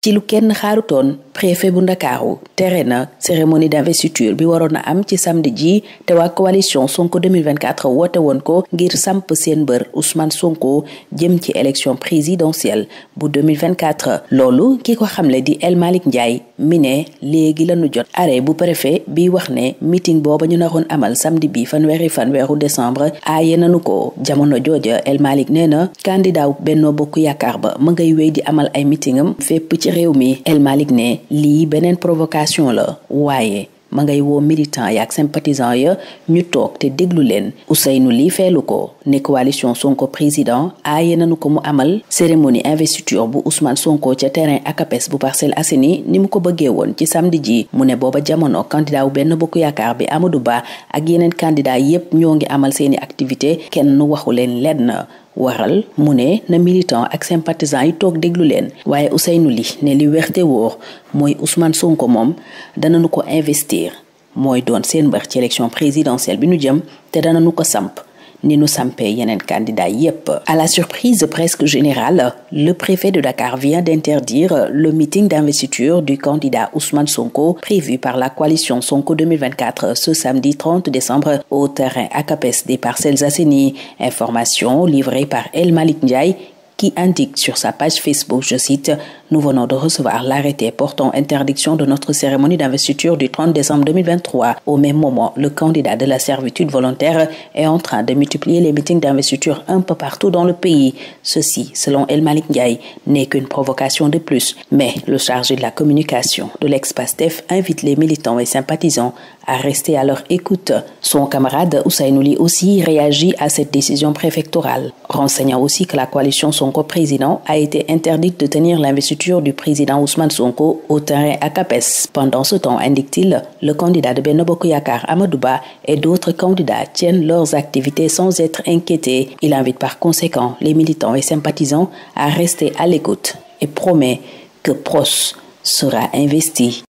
ci lu kenn préfet bu ndakaaru tere na cérémonie d'investiture bi waroon am ci samedi ji coalition Sonko 2024 woote woon ko ngir samp seen Ousmane Sonko jëm ci élection présidentielle bu 2024 loolu ki ko xamle di El Malik Ndiaye Mine, ne léegi lañu jot arrêt bu préfet bi wax meeting booba ñu amal samedi bi fanweeri fanweeru décembre aaye nanu ko jamono jooja El Malik nee candidat Benno Bokk Yaakaar ba ma ngay di amal ay meetingam fépp ci Reoumi Elmaligne li benen provokasyon le. Ouaye, man gaye wou militan yak sempatizan yo, nyoutok te deglou len. Oseye nou li fe loko. Ne koalisyon sonko prezident, aye nan nou komo amal, seremoni investitur bou Ousmane sonko che teren akapes bou parcel aseni, ni mou ko begewon ki samdiji. Mounen bo ba djamono, kandida ou ben ne boku yakar be amodou ba, agye nen kandida yep myon ge amal seyene aktivite, ken nou wakou len ledne. waral mu ne na militant ak sympathisant yi toog déglu leen waaye Ousseynou li ne li werte woor mooy Ousmane Sonko moom danañu ko investir mooy doon seen mbër ci élection présidentielle bi ñu jëm te ko samp Nino candidat yep. À la surprise presque générale, le préfet de Dakar vient d'interdire le meeting d'investiture du candidat Ousmane Sonko prévu par la coalition Sonko 2024 ce samedi 30 décembre au terrain AKPS des parcelles assainies. Information livrée par El Malik Ndiaye qui indique sur sa page Facebook, je cite, nous venons de recevoir l'arrêté portant interdiction de notre cérémonie d'investiture du 30 décembre 2023. Au même moment, le candidat de la servitude volontaire est en train de multiplier les meetings d'investiture un peu partout dans le pays. Ceci, selon El Malik Ndiaye, n'est qu'une provocation de plus. Mais le chargé de la communication de l'ex-PASTEF invite les militants et sympathisants à rester à leur écoute. Son camarade Oussainouli aussi réagit à cette décision préfectorale, renseignant aussi que la coalition son coprésident a été interdite de tenir l'investiture du président Ousmane Sonko au terrain à Capes. Pendant ce temps, indique-t-il, le candidat de Yakar Amadouba et d'autres candidats tiennent leurs activités sans être inquiétés. Il invite par conséquent les militants et sympathisants à rester à l'écoute et promet que PROS sera investi.